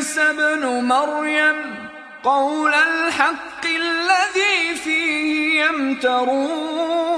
عيسى ابن مريم قول الحق الذي فيه يمترون